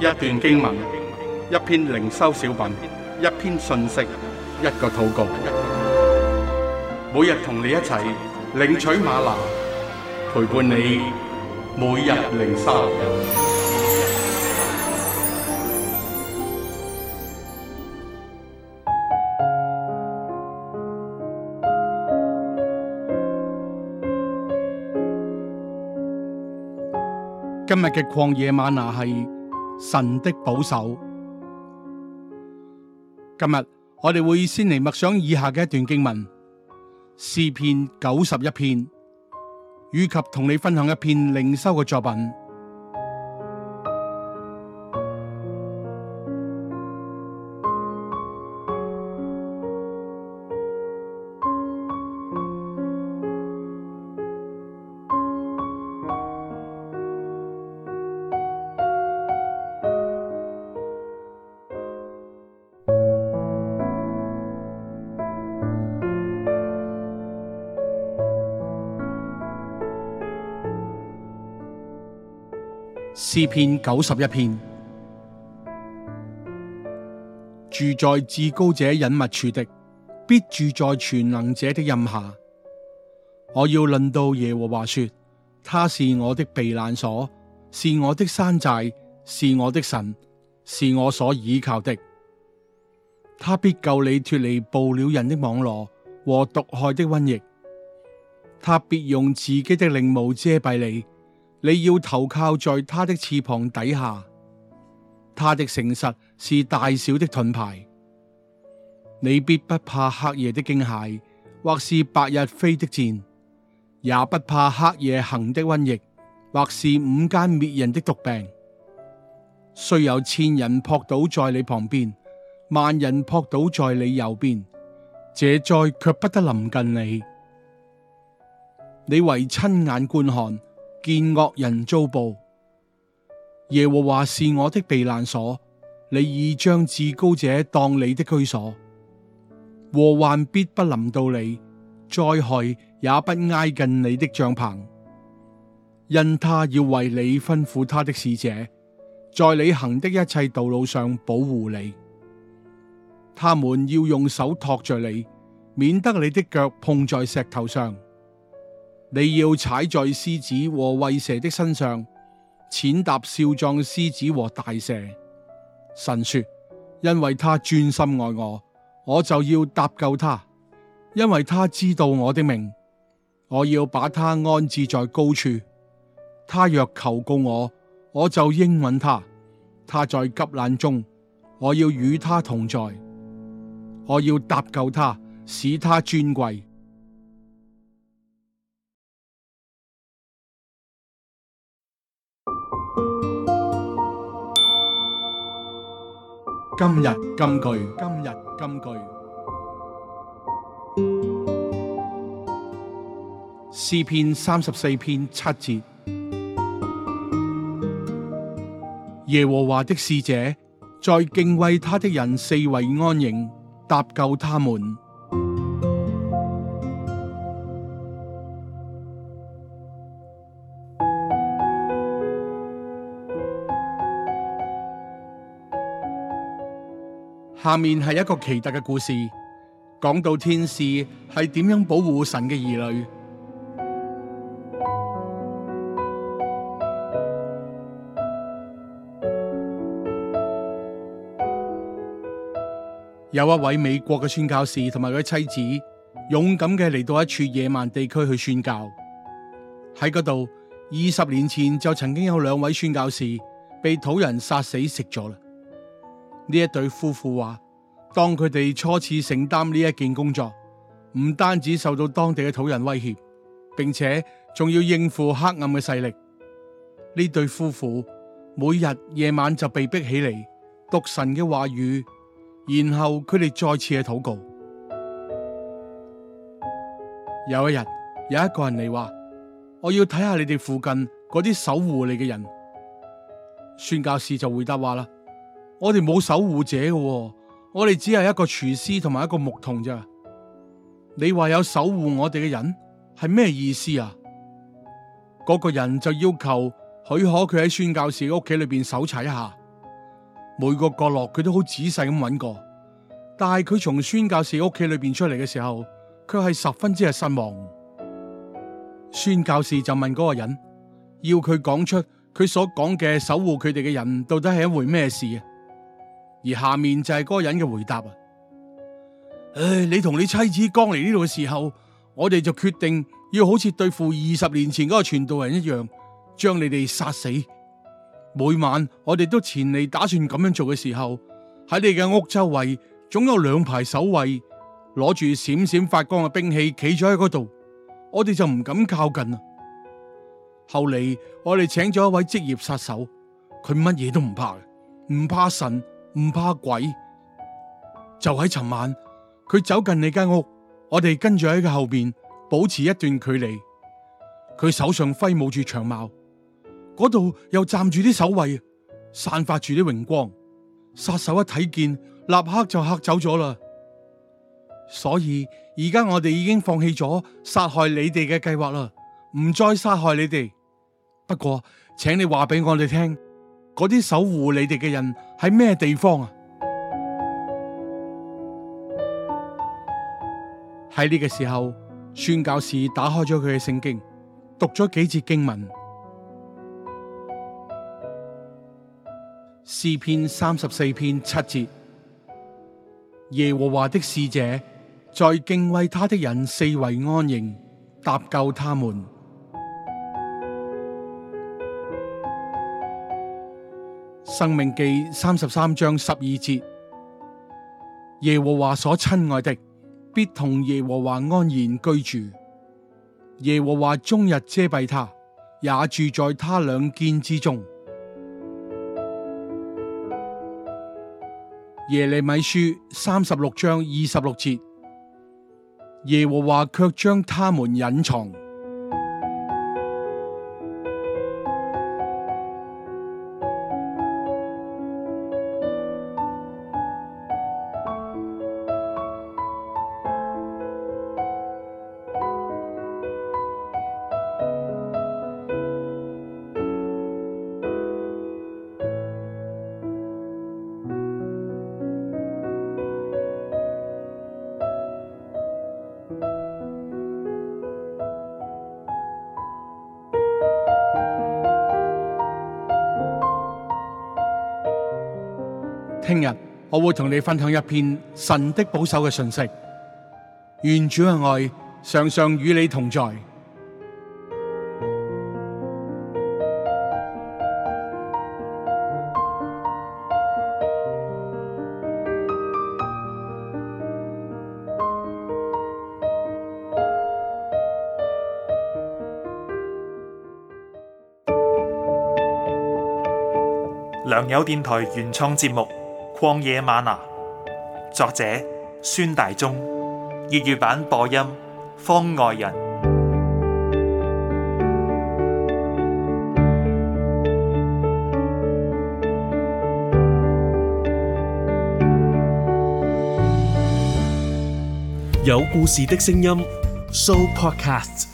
一段經文，一篇靈修小品，一篇信息，一個禱告。每日同你一齊領取嗎哪，陪伴你每日靈修。今日嘅曠野嗎哪係。神的保守。今日我哋會先嚟默想以下嘅一段經文，詩篇九十一篇，以及同你分享一篇靈修嘅作品。詩篇九十一篇，住在至高者隱密處的，必住在全能者的蔭下。我要論到耶和華說，他是我的避難所，是我的山寨，是我的神，是我所倚靠的。他必救你脫離捕鳥人的網羅和毒害的瘟疫。他必用自己的翎毛遮蔽你。你要投靠在他的翅膀底下，他的誠實是大小的盾牌。你必不怕黑夜的驚駭，或是白日飛的箭，也不怕黑夜行的瘟疫，或是午間滅人的毒病。雖有千人撲倒在你旁邊，萬人撲倒在你右邊，這災却不得臨近你。你為親眼觀看，見惡人遭報，耶和華是我的避難所，你已將至高者當你的居所，禍患必不臨到你，災害也不挨近你的帳棚，因他要為你吩咐他的使者，在你行的一切道路上保護你，他們要用手托着你，免得你的腳碰在石頭上。你要踩在獅子和喂蛇的身上，踐踏，踏少壯獅，獅子和大蛇。神說：因為他專心愛我，我就要搭救他；因為他知道我的名，我要把他安置在高處。他若求告我，我就應允他；他在急難中，我要與他同在。我要搭救他，使他尊貴。今日金句，今日金句。詩篇三十四篇七節，耶和華的使者在敬畏他的人四圍安營，搭救他們。下面係一個奇特嘅故事，講到天使係點樣保護神嘅兒女。 有一位美國嘅宣教士同埋佢妻子勇敢嘅嚟到一處野蠻地區去宣教，喺嗰度二十年前就曾經有兩位宣教士被土人殺死食咗啦。呢一對夫婦話：當佢哋初次承擔呢一件工作，唔單止受到當地嘅土人威脅，並且仲要應付黑暗嘅勢力。呢對夫婦每日夜晚就被逼起嚟讀神嘅話語，然後佢哋再次嘅禱告。 有一日，有一個人嚟話：我要睇下你哋附近嗰啲守護你嘅人。宣教士就回答話啦。我哋冇守護者嘅哦，我哋只係一個廚師同埋一個牧童咋。你話有守護我哋嘅人係咩意思啊？嗰個人就要求許可佢喺宣教士屋企裏邊搜查一下，每個角落佢都好仔細咁揾過。但係佢從宣教士屋企裏邊出嚟嘅時候，佢係十分之係失望。宣教士就問嗰個人，要佢講出佢所講嘅守護佢哋嘅人到底係一回咩事啊？而下面，就係嗰個人嘅回答啊！唉，你同你妻子剛嚟呢度嘅時候，我哋就決定要好似對付二十年前嗰個傳道人一樣，將你哋殺死。每晚我哋都前嚟打算咁樣做嘅時候，喺你嘅屋周圍總有兩排守衛，攞住閃閃發光嘅兵器企咗喺嗰度，我哋就唔敢靠近。後嚟我哋請咗一位職業殺手，佢乜嘢都唔怕，唔怕神。唔怕鬼，就喺尋晚佢走近你間屋，我哋跟住喺佢後邊，保持一段距離。佢手上揮舞住長矛，嗰度又站住啲守衛，散發住啲榮光。殺手一睇見，立刻就嚇走咗啦。所以而家我哋已經放棄咗殺害你哋嘅計劃啦，唔再殺害你哋。不過，請你話俾我哋聽，嗰啲守護你哋嘅人，喺咩地方啊？喺呢個時候，宣教士打開咗佢嘅聖經，讀咗幾節經文，詩篇三十四篇七節，耶和華的使者在敬畏他的人四圍安營，搭救他們。《申命記》三十三章十二節：耶和華所親愛的，必同耶和華安然居住；耶和華終日遮蔽他，也住在他兩肩之中。《耶利米書》三十六章二十六節：耶和華卻將他們隱藏。聽日，我會同你分享一篇神的保守嘅訊息。願主嘅愛常常與你同在。良友電台原創節目。曠野嗎哪，作者孫大中，粵語版播音方外人，有故事的聲音 show podcast。